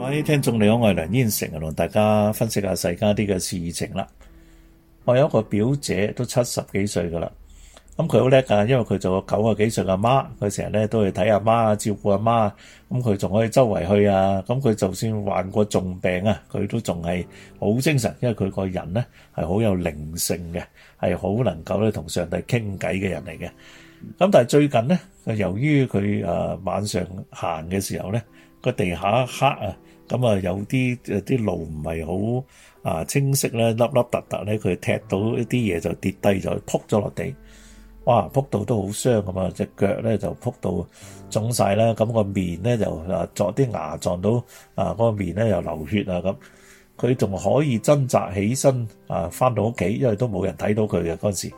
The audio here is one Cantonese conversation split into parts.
各位聽眾你好，我係梁燕成啊，同大家分析一下世家啲嘅事情啦。我有一個表姐都七十幾歲噶啦，咁佢好叻啊，因為佢做個九啊幾歲阿媽，佢成日咧都去睇阿媽啊，照顧阿媽，咁佢仲可以周圍去啊，咁佢就算患過重病啊，佢都仲係好精神，因為佢個人咧係好有靈性嘅，係好能夠咧同上帝傾偈嘅人嚟嘅。咁但係最近咧，由於佢誒晚上行嘅時候咧，個地下黑啊，咁啊有啲誒啲路唔係好啊清晰咧，凹凹凸凸咧，佢踢到一啲嘢就跌低咗，撲咗落地，哇撲到都好傷啊嘛，隻腳咧就撲到腫晒啦，咁個面咧就誒撞啲牙撞到啊，嗰個面咧又流血啊咁，佢仲可以掙扎起身啊，翻到屋企，因為都冇人睇到佢嘅嗰陣時。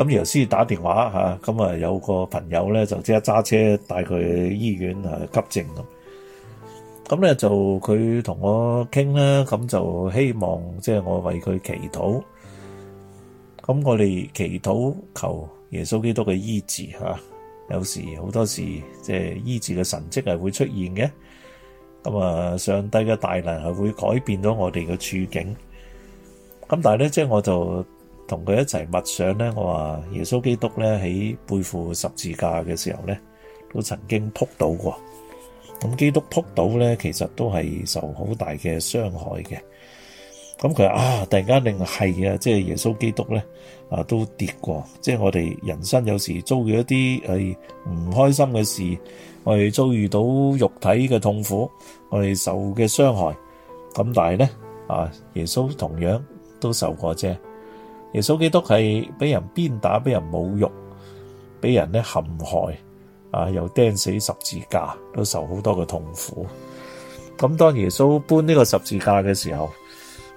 咁然後先打電話吓，咁啊有個朋友咧就即刻揸車帶佢去醫院啊急症咁，咁咧就佢同我傾啦，咁就希望即係我為佢祈禱，咁我哋祈禱求,求耶穌基督嘅醫治吓，有時好多時即係醫治嘅神蹟係會出現嘅，咁啊上帝嘅大能係會改變咗我哋嘅處境，咁但係咧即係我就。同佢一齊默想咧，我話耶穌基督咧喺背負十字架嘅時候咧，都曾經撲倒過。咁基督撲倒咧，其實都係受好大嘅傷害嘅。咁佢啊，突然間令係啊，即係耶穌基督咧啊，都跌過。即係我哋人生有時遭遇一啲係唔開心嘅事，我哋遭遇到肉體嘅痛苦，我哋受嘅傷害咁，但係咧啊，耶穌同樣都受過啫。耶穌基督係俾人鞭打，俾人侮辱，俾人陷害，啊又釘死十字架，都受好多嘅痛苦。咁當耶穌搬呢個十字架嘅時候，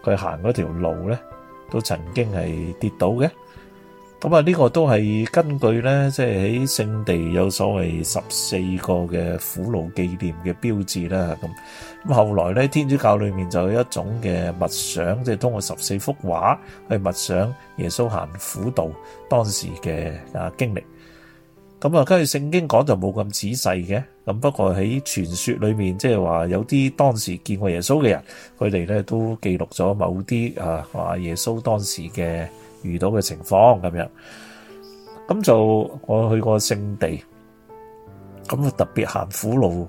佢行嗰條路咧，都曾經係跌倒嘅。咁啊，呢個都係根據咧，即係喺聖地有所謂十四個嘅苦路紀念嘅標誌啦。咁咁後來咧，天主教裏面就有一種嘅默想，即係通過十四幅畫去默想耶穌行苦道當時嘅啊經歷。咁啊，跟住聖經講就冇咁仔細嘅。咁不過喺傳說裏面，即係話有啲當時見過耶穌嘅人，佢哋咧都記錄咗某啲啊，話耶穌當時嘅。遇到嘅情況咁樣，咁就我去過聖地，咁特別行苦路，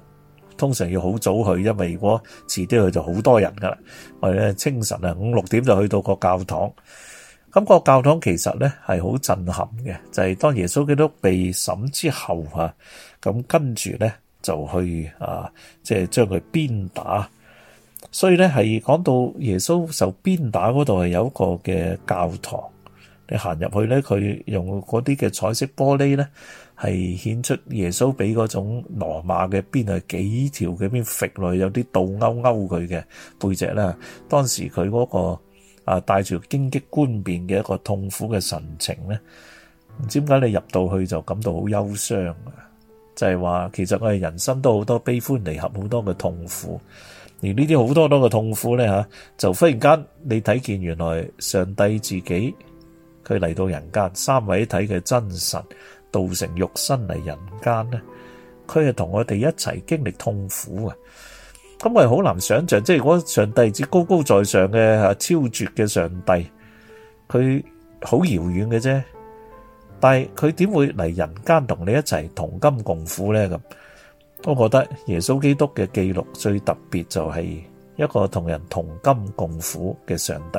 通常要好早去，因為如果遲啲去就好多人㗎喇。我哋咧清晨啊五六點就去到個教堂，咁個教堂其實咧係好震撼嘅，就係當耶穌基督被審之後啊，咁跟住咧就去啊，即係將佢鞭打，所以咧係講到耶穌受鞭打嗰度係有一個嘅教堂。你行入去咧，佢用嗰啲嘅彩色玻璃咧，係顯出耶穌俾嗰種羅馬嘅邊係幾條嗰邊饋權有啲倒勾勾佢嘅背脊啦。當時佢嗰個啊帶住荊棘冠冕嘅一個痛苦嘅神情咧，唔知點解你入到去就感到好憂傷啊。就係話，其實我哋人生都好多悲歡離合，好多嘅痛苦。而呢啲好多好多嘅痛苦咧，吓就忽然間你睇見原來上帝自己。佢嚟到人間，三位一體嘅真神道成肉身嚟人間咧，佢係同我哋一齊經歷痛苦啊！咁我哋好難想象，即係如果上帝只高高在上嘅超絕嘅上帝，佢好遙遠嘅啫。但係佢點會嚟人間同你一齊同甘共苦咧？咁，我覺得耶穌基督嘅記錄最特別就係一個同人同甘共苦嘅上帝。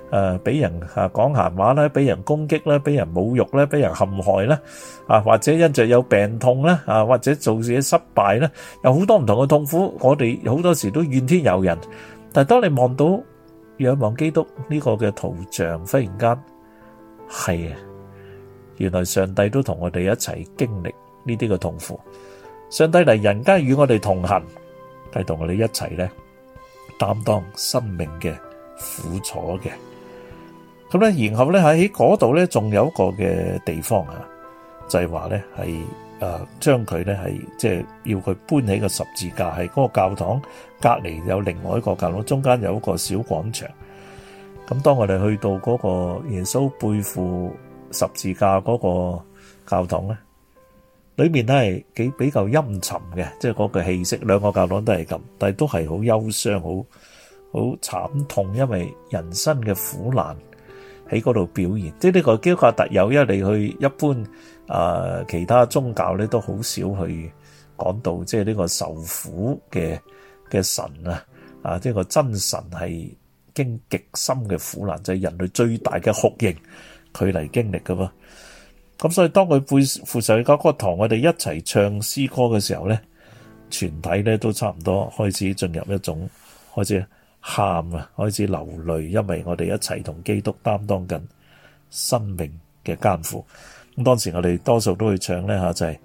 誒、啊，俾人吓講閒話啦，俾人攻擊啦，俾人侮辱啦，俾人陷害啦，啊，或者因着有病痛啦，啊，或者做自己失敗啦，有好多唔同嘅痛苦。我哋好多時都怨天尤人，但係當你望到仰望基督呢個嘅圖像，忽然間係、啊、原來上帝都同我哋一齊經歷呢啲嘅痛苦。上帝嚟人間與我哋同行，係同我哋一齊咧擔當生命嘅苦楚嘅。咁咧，然後咧喺嗰度咧，仲有一個嘅地方啊，就係話咧係誒將佢咧係即係要佢搬起個十字架，係嗰個教堂隔離有另外一個教堂，中間有一個小廣場。咁當我哋去到嗰個耶穌背負十字架嗰個教堂咧，裏面咧係幾比較陰沉嘅，即係嗰個氣息。兩個教堂都係咁，但係都係好憂傷，好好慘痛，因為人生嘅苦難。喺嗰度表現，即係呢個基督教特有因一你去一般啊、呃、其他宗教咧都好少去講到，即係呢個受苦嘅嘅神啊啊！即、這、係個真神係經極深嘅苦難，就係、是、人類最大嘅酷刑佢嚟經歷噶噃。咁所以當佢背附負上佢嗰個堂，我哋一齊唱詩歌嘅時候咧，全體咧都差唔多開始進入一種開始。喊啊！開始流淚，因為我哋一齊同基督擔當緊生命嘅艱苦。咁當時我哋多數都會唱咧，下就係、是、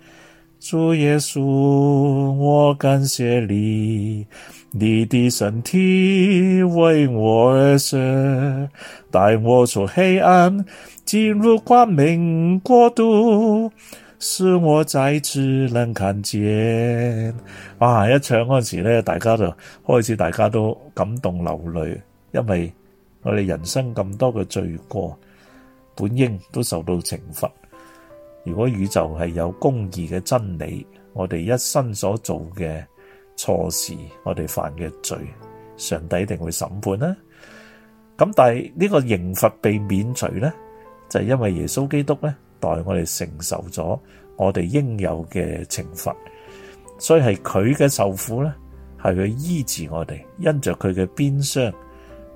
主耶穌，我感謝你，你的身體為我而捨，帶我從黑暗進入光明國度。恕我再次能看見哇、啊！一唱嗰陣時咧，大家就開始，大家都感動流淚，因為我哋人生咁多嘅罪過，本應都受到懲罰。如果宇宙係有公義嘅真理，我哋一生所做嘅錯事，我哋犯嘅罪，上帝一定會審判啦、啊。咁但係呢個刑罰被免除咧，就係、是、因為耶穌基督咧，代我哋承受咗我哋應有嘅懲罰，所以係佢嘅受苦咧，係佢醫治我哋。因着佢嘅鞭傷，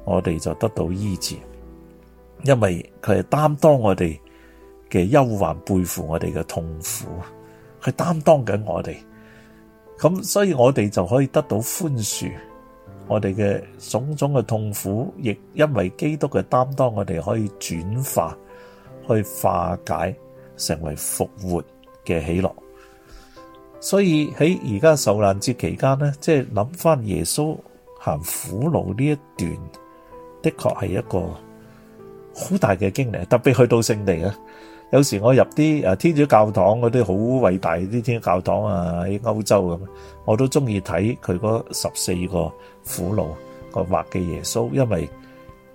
我哋就得到醫治，因為佢係擔當我哋嘅憂患，背負我哋嘅痛苦，佢擔當緊我哋。咁所以，我哋就可以得到寬恕，我哋嘅種種嘅痛苦，亦因為基督嘅擔當，我哋可以轉化。去化解成為復活嘅喜樂，所以喺而家受難節期間咧，即係諗翻耶穌行苦路呢一段，的確係一個好大嘅經歷，特別去到聖地啊。有時我入啲誒天主教堂，嗰啲好偉大啲天主教堂啊，喺歐洲咁樣，我都中意睇佢嗰十四個苦路個畫嘅耶穌，因為。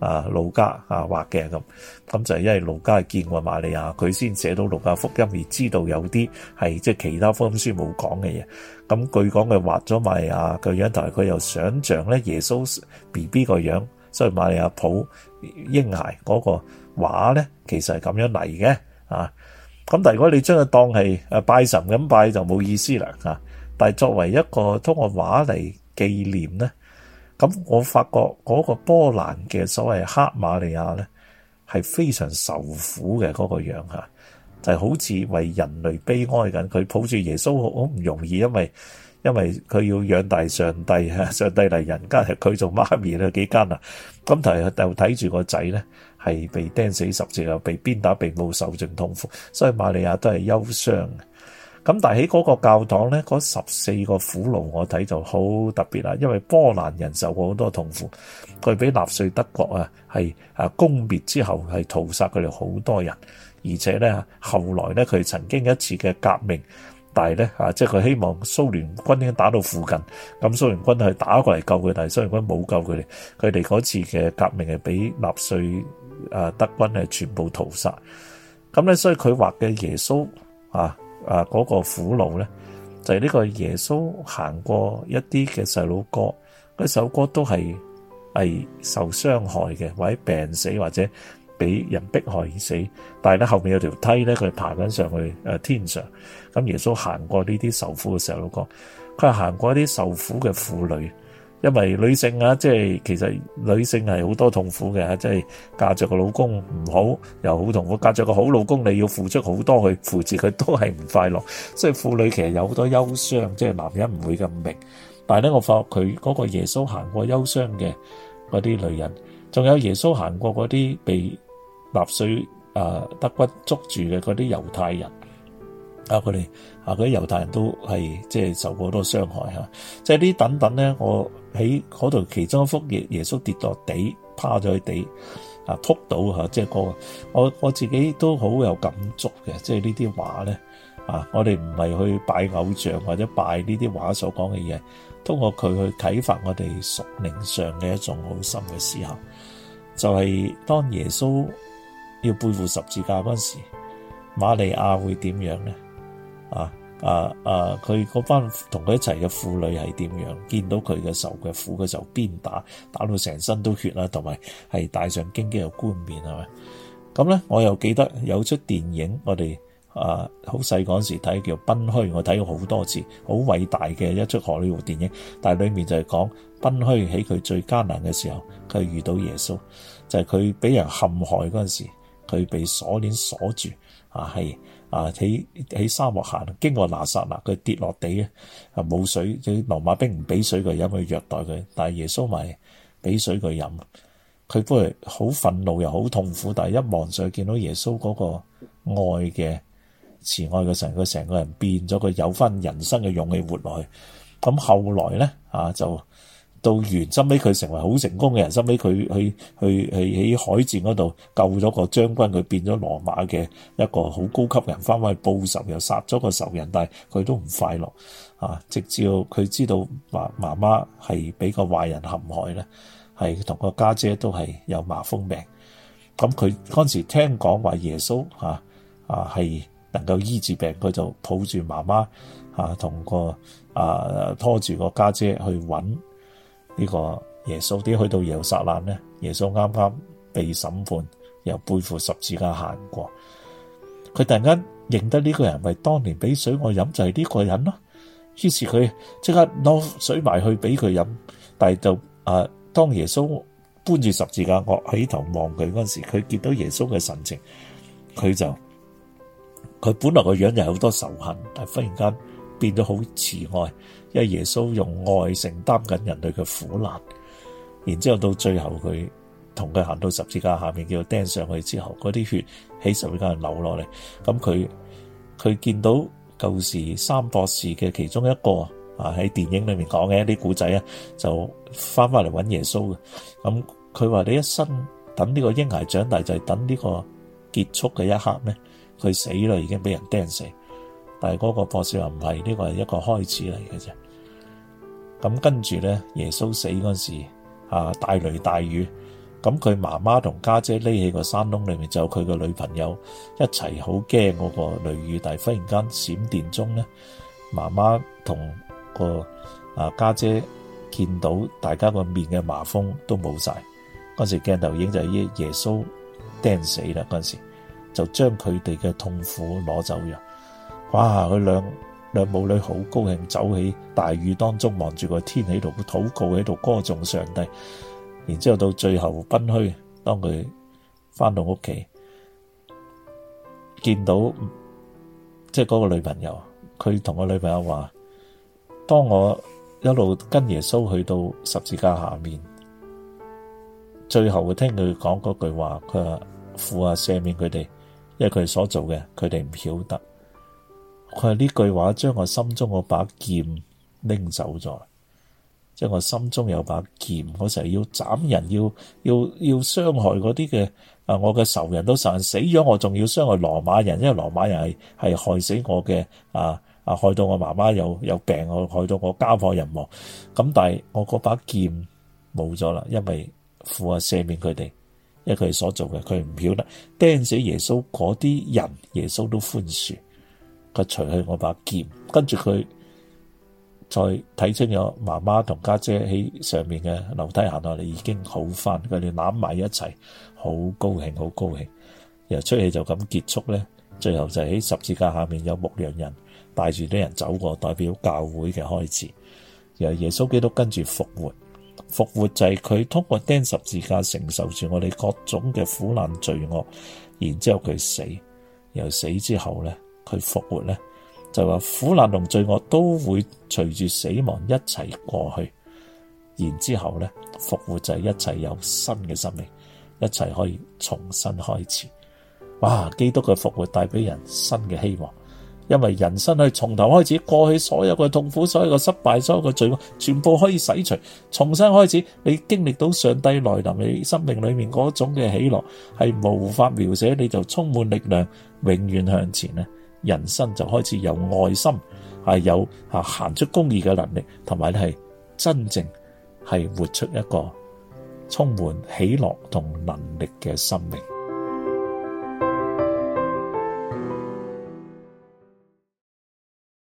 啊，路加啊畫嘅咁，咁就係因為路加見過瑪利亞，佢先寫到路加福音，而知道有啲係即係其他福音書冇講嘅嘢。咁據講佢畫咗瑪利亞個樣，但係佢又想像咧耶穌 BB 個樣，所以瑪利亞抱嬰孩嗰個畫咧，其實係咁樣嚟嘅啊。咁但係如果你將佢當係誒拜神咁拜就冇意思啦啊！但係作為一個通過畫嚟紀念咧。咁我發覺嗰個波蘭嘅所謂黑瑪利亞咧，係非常受苦嘅嗰、嗰個樣吓，就係，好似為人類悲哀緊，佢抱住耶穌好唔容易，因為因為佢要養大上帝啊，上帝嚟人間係佢做媽咪啦，幾艱難。咁同佢又睇住個仔咧，係被釘死十字，又被鞭打，被暴受盡痛苦，所以瑪利亞都係憂傷。咁但係喺嗰個教堂咧，嗰十四個苦路，我睇就好特別啦。因為波蘭人受過好多痛苦，佢俾納粹德國啊，係啊攻滅之後，係屠殺佢哋好多人，而且咧後來咧佢曾經有一次嘅革命，但係咧啊即係佢希望蘇聯軍已經打到附近咁，蘇聯軍係打過嚟救佢，但係蘇聯軍冇救佢哋，佢哋嗰次嘅革命係俾納粹啊德軍係全部屠殺。咁咧，所以佢畫嘅耶穌啊～啊！嗰、那個苦路咧，就係、是、呢個耶穌行過一啲嘅細路哥，嗰首歌都係受傷害嘅，或者病死或者俾人迫害而死。但係咧後面有條梯咧，佢爬緊上去、啊、天上。咁耶穌行過呢啲受苦嘅細路哥，佢係行過一啲受苦嘅婦女。因為女性啊，即係其實女性係好多痛苦嘅嚇，即係嫁著個老公唔好又好痛苦，嫁著個好老公你要付出好多去扶持佢都係唔快樂。即係婦女其實有好多憂傷，即係男人唔會咁明。但係咧，我發覺佢嗰個耶穌行過憂傷嘅嗰啲女人，仲有耶穌行過嗰啲被納粹、啊德軍捉住嘅嗰啲猶太人啊，佢哋啊啲猶太人都係即係受過好多傷害嚇，即係呢，等等咧我。喺嗰度其中一幅嘢，耶穌跌落地，趴咗喺地，啊，仆到吓、啊，即係嗰、那個，我我自己都好有感觸嘅，即係呢啲畫咧，啊，我哋唔係去拜偶像或者拜呢啲畫所講嘅嘢，通過佢去啟發我哋屬靈上嘅一種好深嘅思考，就係、是、當耶穌要背負十字架嗰陣時候，瑪利亞會點樣咧？啊！啊啊！佢、啊、嗰班同佢一齊嘅婦女係點樣？見到佢嘅受嘅苦嘅時候，鞭打打到成身都血啦，同埋係戴上荊棘嘅冠冕，係咪？咁、嗯、咧，我又記得有出電影，我哋啊好細嗰陣時睇叫《賓虛》，我睇過好多次，好偉大嘅一出荷里活電影。但係裡面就係講賓虛喺佢最艱難嘅時候，佢遇到耶穌，就係佢俾人陷害嗰陣時，佢被鎖鏈鎖住啊，係啊！喺喺沙漠行，經過拿撒勒，佢跌落地啊，冇水，佢羅馬兵唔俾水佢飲，去虐待佢，但係耶穌咪俾水佢飲，佢不如好憤怒又好痛苦，但係一望上去見到耶穌嗰個愛嘅慈愛嘅神，佢成個人變咗，佢有翻人生嘅勇氣活落去。咁、啊、後來咧，啊就～到完，臨尾佢成為好成功嘅人，臨尾佢去去去喺海戰嗰度救咗個將軍，佢變咗羅馬嘅一個好高級人，返去報仇又殺咗個仇人，但係佢都唔快樂啊！直至佢知道媽媽係俾個壞人陷害咧，係同個家姐，姐都係有麻風病。咁佢嗰陣時聽講話耶穌嚇啊係能夠醫治病，佢就抱住媽媽、那個、啊同個啊拖住個家姐去揾。呢個耶穌啲去到耶路撒冷咧，耶穌啱啱被審判，又背負十字架行過，佢突然間認得呢個人，咪當年俾水我飲就係呢個人咯。於是佢即刻攞水埋去俾佢飲，但係就誒，當耶穌搬住十字架，我起頭望佢嗰陣時，佢見到耶穌嘅神情，佢就佢本來個樣就好多仇恨，但係忽然間變咗好慈愛。因為耶穌用愛承擔緊人類嘅苦難，然之後到最後佢同佢行到十字架下面，叫佢釘上去之後，嗰啲血喺十字架流落嚟，咁佢佢見到舊時三博士嘅其中一個啊，喺電影裏面講嘅一啲古仔啊，就翻翻嚟揾耶穌嘅。咁佢話你一生等呢個嬰孩長大，就係等呢個結束嘅一刻咧。佢死啦，已經俾人釘死。但係嗰個博士話唔係，呢個係一個開始嚟嘅啫。咁跟住咧，耶穌死嗰陣時，啊，大雷大雨，咁佢媽媽同家姐匿喺個山窿裏面，就佢個女朋友一齊好驚嗰個雷雨。但係忽然間閃電中咧，媽媽同個啊家姐見到大家個面嘅麻風都冇晒。嗰時鏡頭影就係耶穌釘死啦嗰陣時，就將佢哋嘅痛苦攞走咗。哇！佢兩兩母女好高興，走喺大雨當中，望住個天喺度禱告，喺度歌頌上帝。然之後到最後奔去，當佢返到屋企，見到即係嗰個女朋友，佢同個女朋友話，當我一路跟耶穌去到十字架下面，最後佢聽佢講嗰句話，佢話父啊，赦免佢哋，因為佢哋所做嘅，佢哋唔曉得。佢係呢句話，將我心中嗰把劍拎走咗。即係我心中有把劍，我成日要斬人，要要要傷害嗰啲嘅啊！我嘅仇人都殺死咗，我仲要傷害羅馬人，因為羅馬人係係害死我嘅啊啊！害到我媽媽有有病，害到我家破人亡。咁但係我嗰把劍冇咗啦，因為父啊赦免佢哋，因為佢哋所做嘅，佢唔曉得。釘死耶穌嗰啲人，耶穌都寬恕。佢除去我把劍，跟住佢再睇清咗媽媽同家姐喺上面嘅樓梯行落嚟，已經好返。佢哋攬埋一齊，好高興，好高興。由出戲就咁結束咧。最後就喺十字架下面有牧羊人帶住啲人走過，代表教會嘅開始。然後耶穌基督跟住復活，復活就係佢通過釘十字架承受住我哋各種嘅苦難罪惡，然之後佢死，由死之後咧。去復活咧，就話苦難同罪惡都會隨住死亡一齊過去，然之後咧復活就係一齊有新嘅生命，一齊可以重新開始。哇！基督嘅復活帶俾人新嘅希望，因為人生係從頭開始，過去所有嘅痛苦，所有嘅失敗，所有嘅罪惡，全部可以洗除，重新開始。你經歷到上帝來臨，你生命裏面嗰種嘅喜樂係無法描寫，你就充滿力量，永遠向前人生就開始有愛心，係有啊，行出公義嘅能力，同埋咧係真正係活出一個充滿喜樂同能力嘅生命。